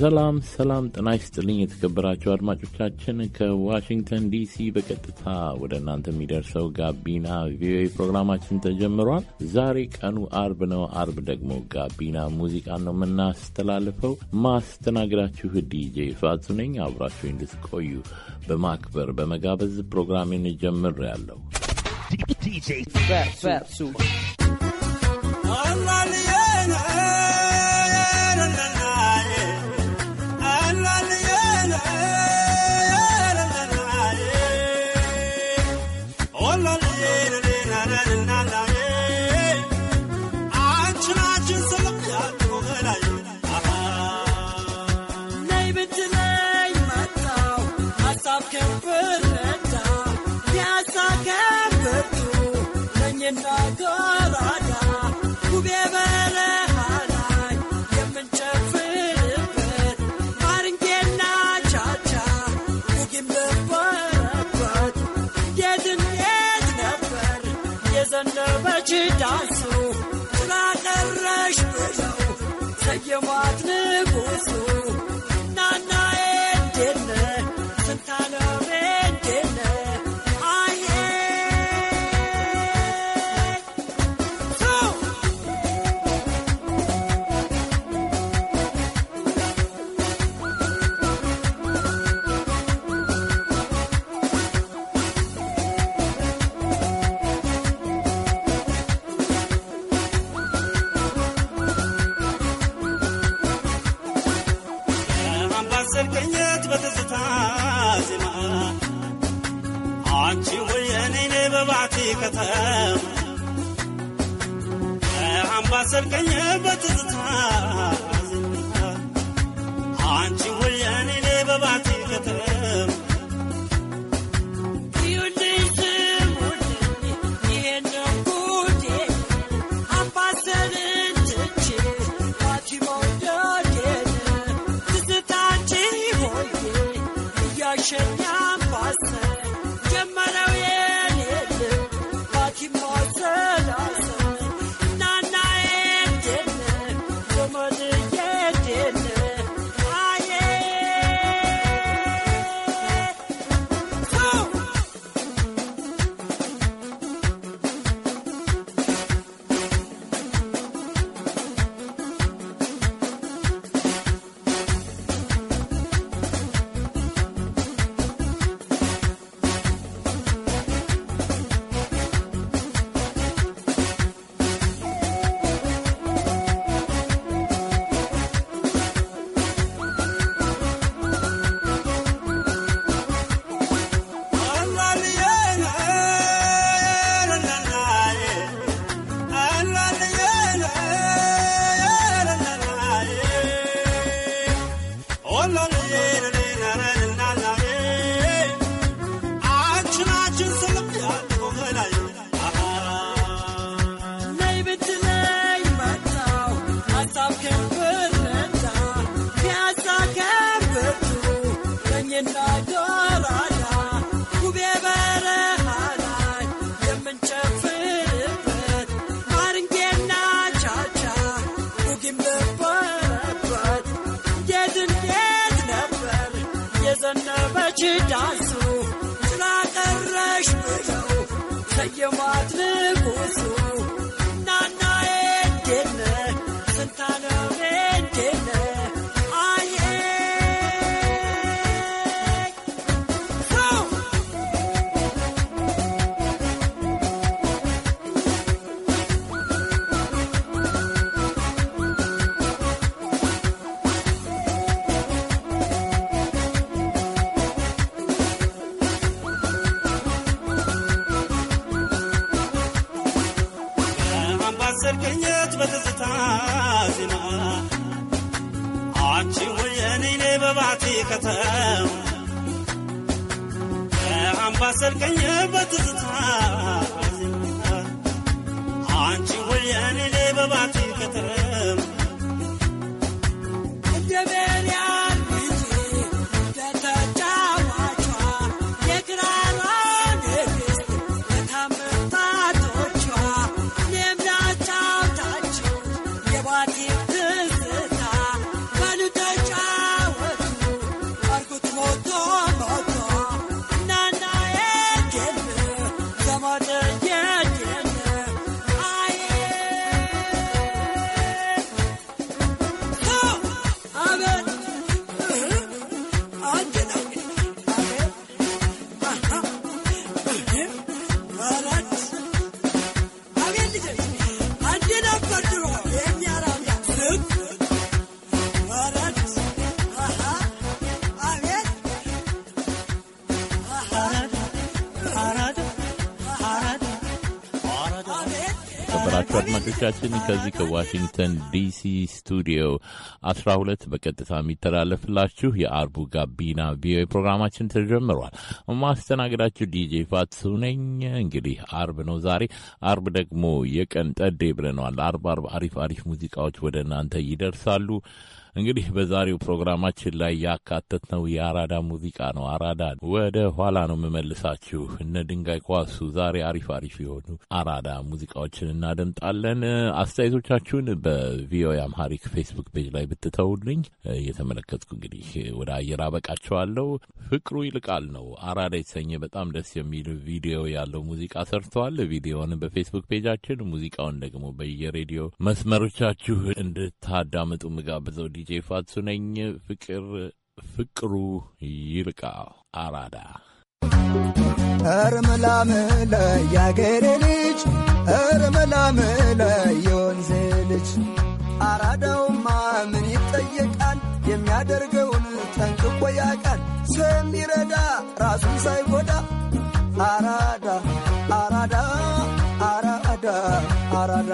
ሰላም ሰላም፣ ጤና ይስጥልኝ የተከበራችሁ አድማጮቻችን ከዋሽንግተን ዲሲ በቀጥታ ወደ እናንተ የሚደርሰው ጋቢና ቪኦኤ ፕሮግራማችን ተጀምሯል። ዛሬ ቀኑ አርብ ነው። አርብ ደግሞ ጋቢና ሙዚቃን ነው የምናስተላልፈው። ማስተናግዳችሁ ዲጄ ፋቱ ነኝ። አብራችሁ እንድትቆዩ በማክበር በመጋበዝ ፕሮግራሜን ጀምር ያለው ሰየሟት ንጉሱ 不诉。kutoka chini kazika Washington DC studio ሁለት በቀጥታ የሚተላለፍላችሁ የአርቡ ጋቢና ቪኦኤ ፕሮግራማችን ተጀምሯል። ማስተናገዳችሁ ዲጄ ፋትሱ ነኝ። እንግዲህ አርብ ነው ዛሬ። አርብ ደግሞ የቀን ጠዴ ብለነዋል። አርብ አርብ አሪፍ አሪፍ ሙዚቃዎች ወደ እናንተ ይደርሳሉ። እንግዲህ በዛሬው ፕሮግራማችን ላይ ነው የአራዳ ሙዚቃ ነው። አራዳ ወደ ኋላ ነው የምመልሳችሁ። እነ ድንጋይ ኳሱ ዛሬ አሪፍ አሪፍ የሆኑ አራዳ ሙዚቃዎችን እናደምጣለን። አስተያየቶቻችሁን በቪኦኤ አምሃሪክ ፌስቡክ ፔጅ ላይ ብትተውልኝ እየተመለከትኩ እንግዲህ ወደ አየር አበቃቸዋለሁ። ፍቅሩ ይልቃል ነው አራዳ የተሰኘ በጣም ደስ የሚል ቪዲዮ ያለው ሙዚቃ ሰርተዋል። ቪዲዮውን በፌስቡክ ፔጃችን፣ ሙዚቃውን ደግሞ በየሬዲዮ መስመሮቻችሁ እንድታዳምጡ ምጋብዘው ዲጄ ፋትሱ ነኝ። ፍቅር ፍቅሩ ይልቃል አራዳ እርምላምለ ያገሬ ልጅ እርምላምለ የወንዜ ልጅ አራዳውማ ምን ይጠየቃል? የሚያደርገውን ጠንቅቆ ያውቃል። ስሚረዳ ራሱን ሳይጎዳ አራዳ አራዳ አራዳ አራዳ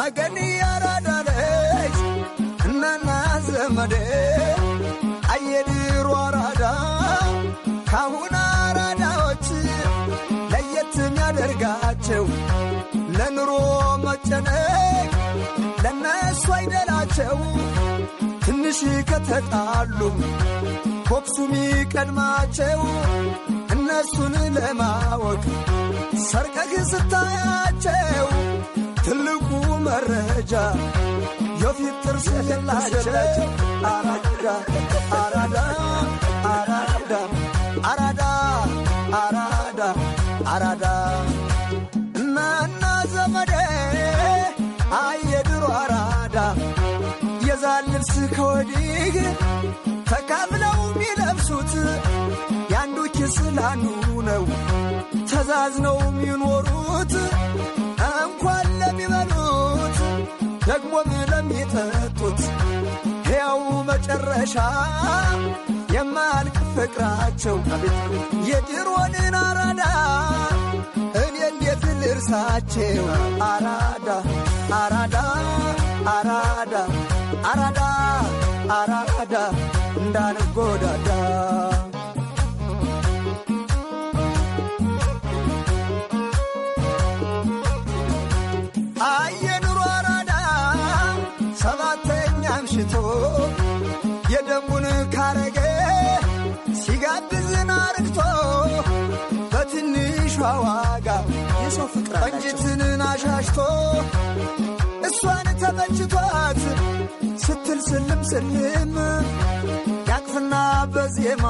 መገኒ አራዳለች እናና ዘመዴ አየድሮ አራዳ ካሁን አራዳዎች ለየት የሚያደርጋቸው ለኑሮ መጨነቅ ሺህ ከተጣሉ ኮክሱም ይቀድማቸው እነሱን ለማወቅ ሰርቀህ ስታያቸው ትልቁ መረጃ የፊት ጥርስ የላቸው አራዳ አራዳ አራዳ አራዳ አራዳ አራዳ ከወዲህ ተካፍለው የሚለብሱት ያንዱ ኪስ ላንዱ ነው። ተዛዝነው የሚኖሩት እንኳን ለሚበሉት ደግሞም ለሚጠጡት ሕያው መጨረሻ የማያልቅ ፍቅራቸው የድሮንን አራዳ እኔ እንዴት ልርሳቸው አራዳ አራዳ አራዳ አራዳ አራዳ እንዳንጎዳዳ አየኑሮ አራዳ ሰባተኛ አምሽቶ የደንቡን ካረገ ሲጋብዝን አርግቶ በትንሿ ዋጋ የሰው ፍቅር ቆንጅትንን አሻሽቶ እሷን ተመችቷት ስትል ስልም ስልም ያቅፍና በዜማ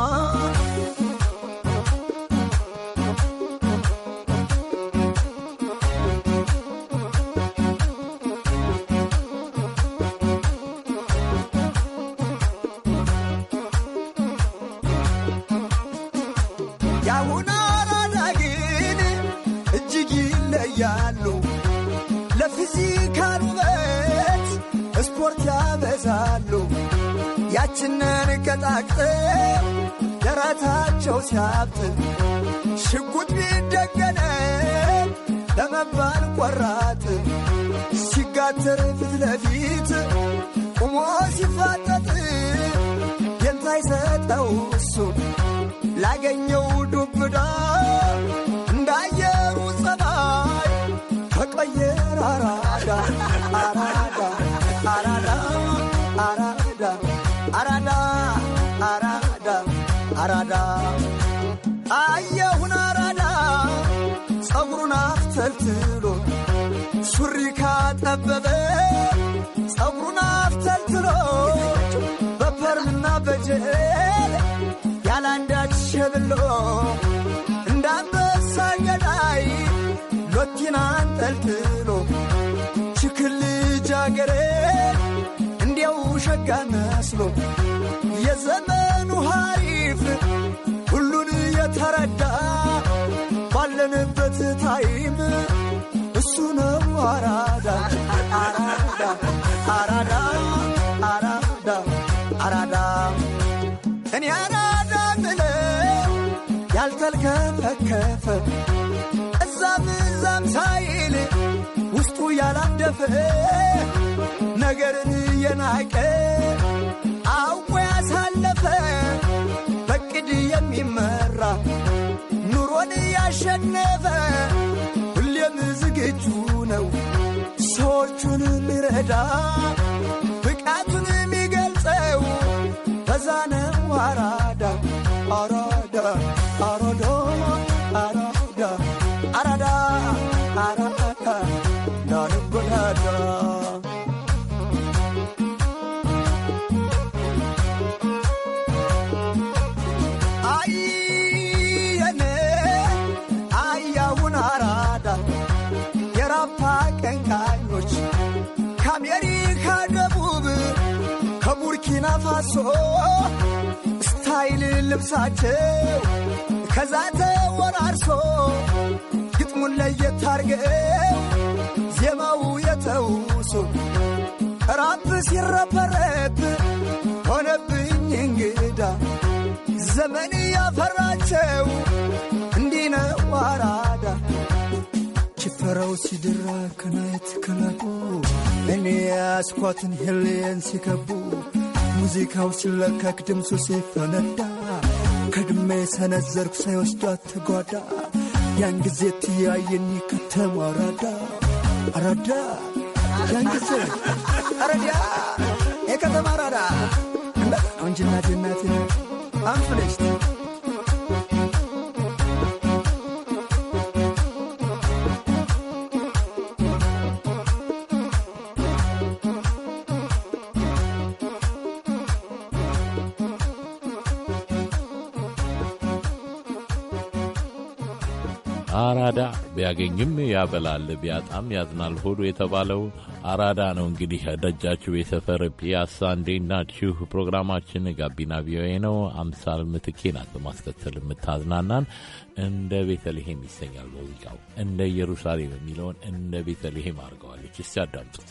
ልጆችንን ገጣቅጠን ደረታቸው ሲያብጥ ሽጉጥ ቢደገነን ለመባል ቆራጥ ሲጋተር ፊት ለፊት ቁሞ ሲፋጠጥ የንታይሰጠው እሱ ላገኘው ዱብዳ እንዳየሩ ጸባይ ተቀየር አራዳ አራዳ ጓዳ አየሁን አራዳ ጸጉሩን አፍተልትሎ ሱሪ ካጠበበ ጸጉሩን አፍተልትሎ በፐርምና በጀል ያላንዳች ሸብሎ እንዳንበሳ ገዳይ ሎቲን አንጠልጥሎ ችክል ልጅ እንዲያው ሸጋ መስሎ የዘመኑ ሃይ ተረዳ ባለንበት ታይም እሱ ነው አራዳ አራዳ አራዳ አራዳ አራዳ እኔ አራዳ ምለ ያልተልከፈከፈ እዛም እዛም ሳይል ውስጡ ያላደፈ ነገርን የናቀ አውቆ ያሳለፈ የሚመራ ኑሮን እያሸነፈ ሁሌም ዝግጁ ነው ሰዎቹን ሊረዳ ብቃቱን የሚገልጸው በዛነው አራ ቡርኪና ፋሶ ስታይል ልብሳቸው ከዛ ተወራርሶ ግጥሙን ለየት አርገው ዜማው የተውሶ ራፕ ሲረበረብ ሆነብኝ እንግዳ ዘመን ያፈራቸው እንዲነው አራዳ ጭፈራው ሲድራ ከናየት ከላቁ እኔ ያስኳትን ህልየን ሲከቡ ሙዚቃው ሲለቀቅ ድምፁ ሲፈነዳ ከድሜ ሰነዘርኩ ሳይወስዷት ተጓዳ ያን ጊዜ ትያየኝ ከተማ አራዳ አራዳ ያን ጊዜ አረዳ የከተማ አራዳ እንጂ እናቴ እናቴ አንፍለሽት አራዳ ቢያገኝም ያበላል፣ ቢያጣም ያዝናል ሆዶ የተባለው አራዳ ነው። እንግዲህ ደጃችሁ የሰፈር ፒያሳ፣ እንዴት ናችሁ? ፕሮግራማችን ጋቢና ቪኦኤ ነው። አምሳል ምትኬ ናት በማስከተል የምታዝናናን እንደ ቤተልሔም ይሰኛል ሙዚቃው። እንደ ኢየሩሳሌም የሚለውን እንደ ቤተልሔም አድርገዋለች። እስቲ አዳምጡት።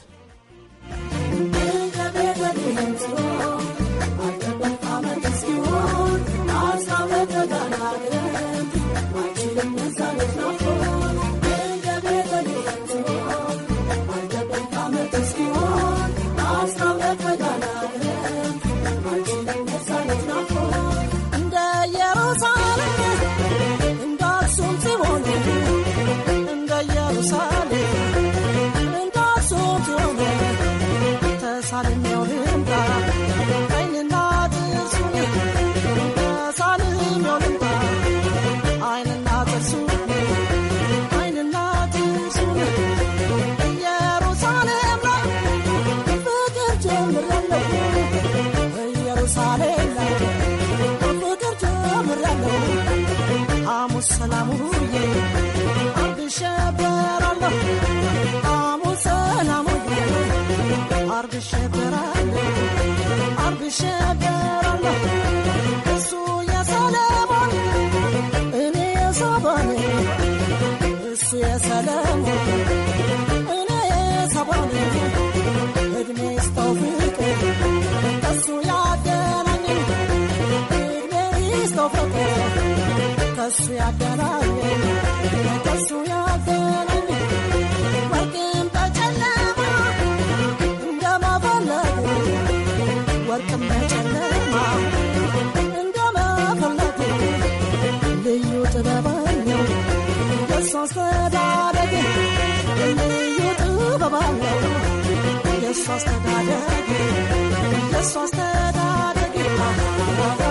Thank you.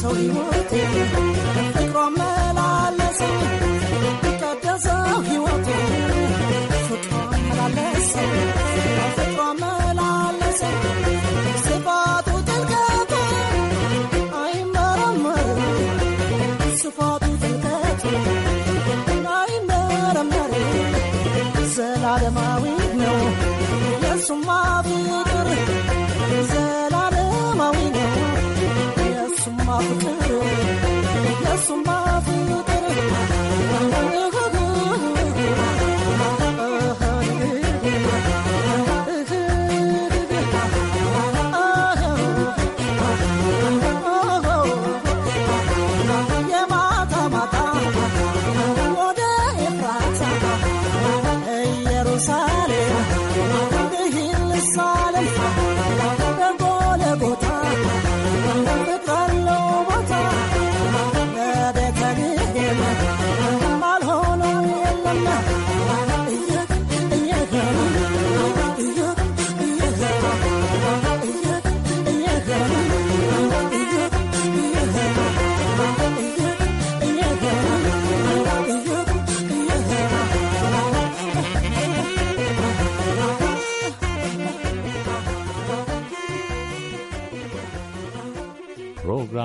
ሰው ሕይወቴ ፍቅሯ መላለሴ ቀደሰው ሕይወቴ ፍቅሯ መላለሴ ፍቅሯ መላለሴ ስፋቱ ጥልቀቱ አይመረመርም ስፋቱ ጥልቀቱ አይመረመርም ዘላለማዊ ነው የሱማ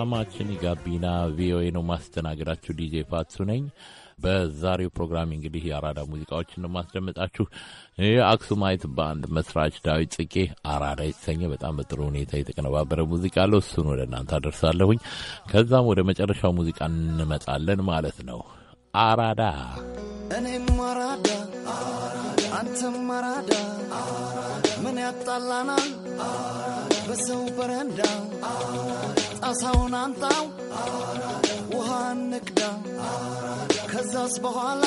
ፕሮግራማችን ጋቢና ቪኦኤ ነው። ማስተናገዳችሁ ዲጄ ፋትሱ ነኝ። በዛሬው ፕሮግራም እንግዲህ የአራዳ ሙዚቃዎችን ነው ማስደመጣችሁ የአክሱማይት ባንድ መስራች ዳዊት ጽጌ አራዳ የተሰኘ በጣም በጥሩ ሁኔታ የተቀነባበረ ሙዚቃ አለው። እሱን ወደ እናንተ አደርሳለሁኝ። ከዛም ወደ መጨረሻው ሙዚቃ እንመጣለን ማለት ነው። አራዳ እኔም አራዳ አንተም አራዳ ምን ያጣላናል በሰው በረንዳ ጣሳውን አንጣው ውሃ ንቅዳ ከዛስ በኋላ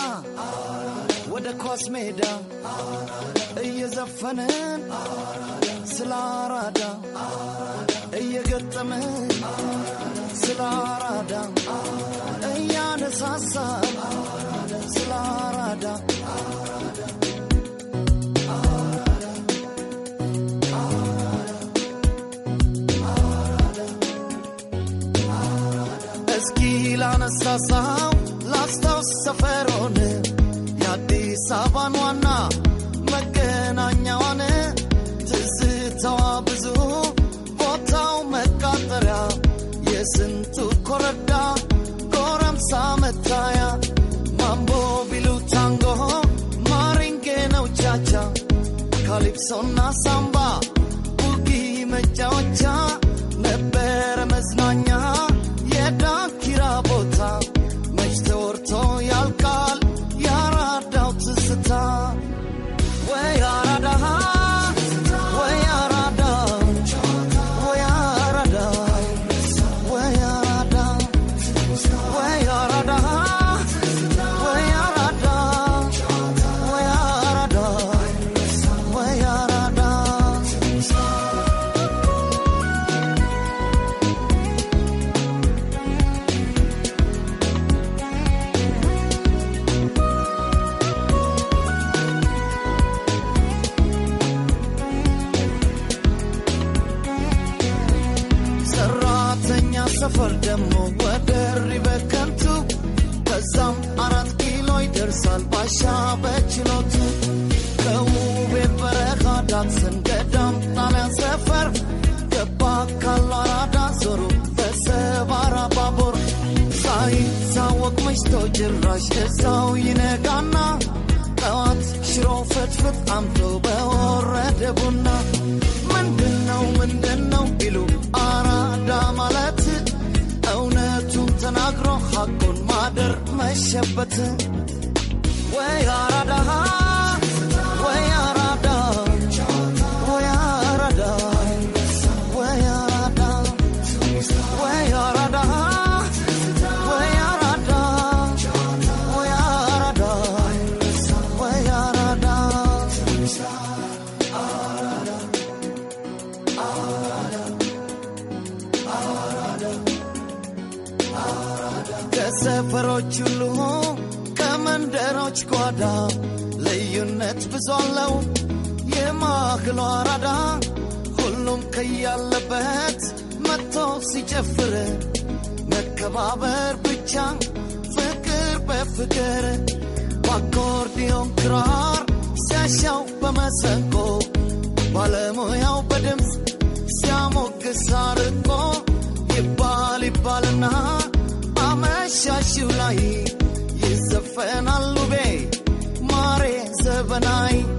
ወደ ኳስ ሜዳ እየዘፈንን ስለ አራዳ እየገጠምን ስለ አራዳ እያነሳሳን ስለ አራዳ እስኪ ላነሳሳው ላስታውስ ሰፈሮን የአዲስ አበባን ዋና መገናኛዋን ትዝታዋ ብዙ ቦታው መቃጠሪያ የስንቱ ኮረዳ ጎረምሳ መታያ ማምቦ ቢሉ ታንጎ ማሪንጌ ነው ቻቻ ካሊፕሶና ሳምባ ጭራሽ ደሳው ይነጋና ጠዋት ሽሮ ፍትፍት አምቶ በወረደ ቡና ምንድነው ምንድነው ቢሉ አራዳ ማለት እውነቱን ተናግሮ ሐቁን ማደር መሸበት ወይ አራዳ አራዳ ልዩነት ብዙ አለው የማዕከሉ አራዳ ሁሉም ከያለበት መጥቶ ሲጨፍር መከባበር ብቻ ፍቅር በፍቅር በአኮርዲዮን ክራር ሲያሻው በመሰንቆ ባለሙያው በድምፅ ሲያሞግስ አርቆ ይባል ይባልና አመሻሽው ላይ ይዘፈናል overnight.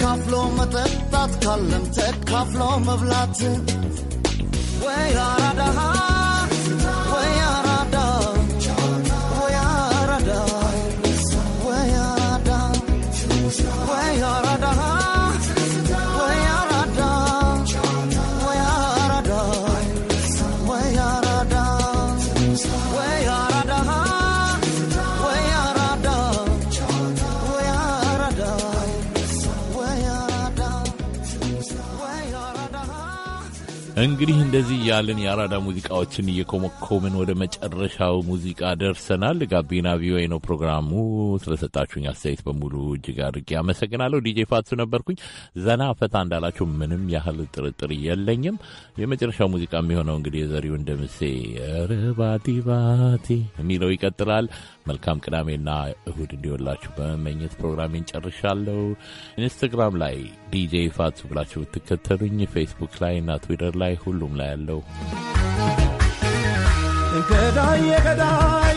ተካፍሎ መጠጣት ካለም ተካፍሎ መብላት ወይ አራዳ እንግዲህ እንደዚህ እያልን የአራዳ ሙዚቃዎችን እየኮመኮምን ወደ መጨረሻው ሙዚቃ ደርሰናል። ጋቢና ቪኦኤ ነው ፕሮግራሙ። ስለሰጣችሁኝ አስተያየት በሙሉ እጅግ አድርጌ አመሰግናለሁ። ዲጄ ፋቱ ነበርኩኝ። ዘና ፈታ እንዳላችሁ ምንም ያህል ጥርጥር የለኝም። የመጨረሻው ሙዚቃ የሚሆነው እንግዲህ የዘሪሁን ርባቲ ባቲ የሚለው ይቀጥላል። መልካም ቅዳሜና እሁድ እንዲሆንላችሁ በመመኘት ፕሮግራሜን ጨርሻለሁ። ኢንስታግራም ላይ ዲጄ ፋቱ ብላችሁ ብትከተሉኝ፣ ፌስቡክ ላይ እና ትዊተር ላይ ላይ ሁሉም ላይ ያለው ገዳዬ ገዳዬ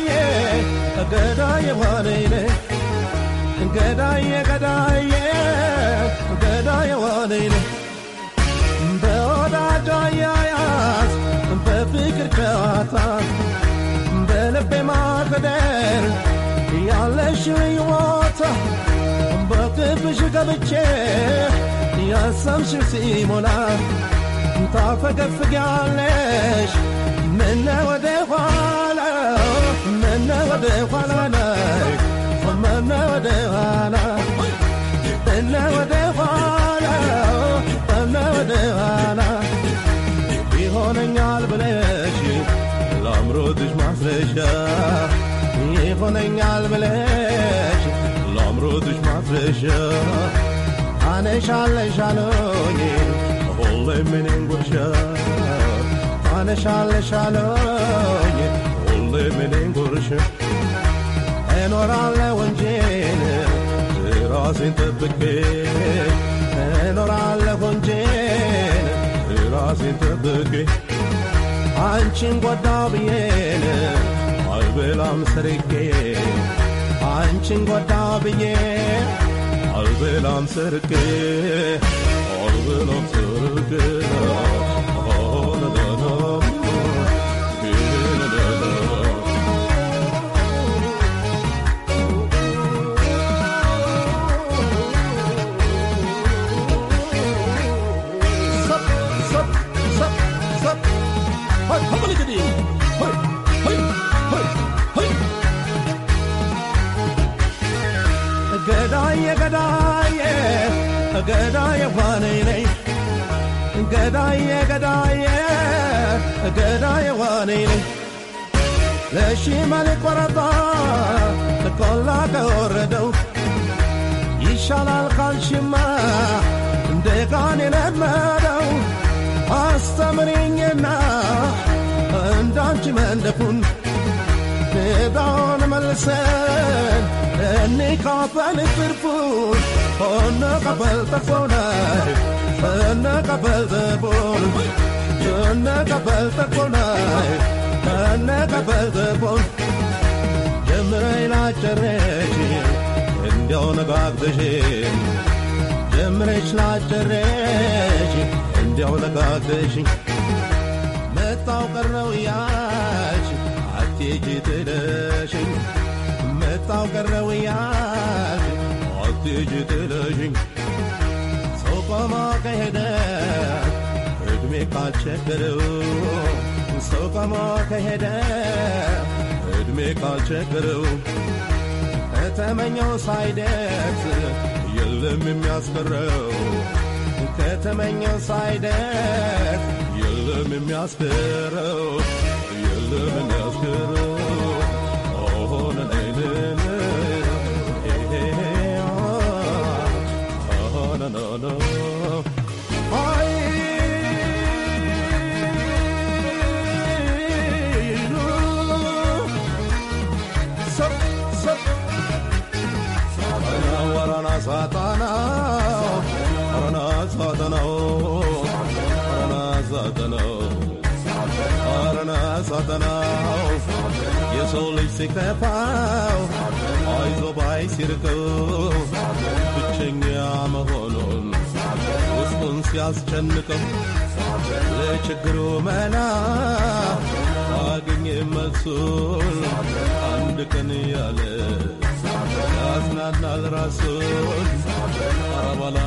ገዳዬ ዋኔኔ ገዳዬ ገዳዬ ገዳዬ ዋኔኔ በወዳጇ በፍቅር ጨዋታ በልቤ ገብቼ ሲሞላ ታፈገፍጊያለሽ ምነ ወደ ኋላ ምነ ወደ ኋላ ነሽ ምነ ወደ ኋላ ምነ ወደ ኋላ ምነ ወደ ኋላ ይሆነኛል ብለሽ ላምሮትሽ ማፍረሻ ይሆነኛል ብለሽ ላምሮትሽ ማፍረሻ አነሻለሻለኝ ሁሌምንንጎሻ አነሻለሻለኝ ሁሌምንንጎርሽ እኖራለሁ እንጄን ራሴን ጠብቄ እኖራለሁ እንጄን ራሴን ጠብቄ አንቺን ጓዳ ብዬን አልበላም ስርቄ አንቺን ጓዳ ብዬ አልበላም ስርቄ ገዳየ ገዳየ ገዳየ ገዳዬ ገዳዬ ገዳዬ ዋኔ ነኝ ለሺማ ሊቆረጣ ከወረደው ይሻላል ካልሽማ እንደጋን የለመደው አስተምሪኝና እንዳንቺ መንደፉን ንዳውን መልሰን እኒ ካፈል ትርፉን ሆኖ ቀበል ጠፎናይ Kana kabalta bon, kana kabalta konai, kana kabalta bon. Jemrei la cherechi, endion gagdeshi. Jemrei la cherechi, endion gagdeshi. Metau karnau yachi, atiji teleshi. Metau karnau yachi, atiji teleshi. ಸ್ವಮ ಕಹದೆ ಉದ್ಮೆ ಕಾಚೆ ಕರು ಸ್ವಮ ಕಹದೆ እድሜ ካልቸገረው ከተመኘው ሳይደርስ የለም የሚያስቀረው ከተመኘው ሳይደርስ የለም የሚያስቀረው የለም የሚያስቀረው ሲከፋው አይዞ ባይ ሲርቀው ብቸኛ መሆኑን ውስጡን ሲያስጨንቀው ለችግሩ መላ አግኝ መልሱን አንድ ቀን ያለ ያዝናናል ራሱን አረባላ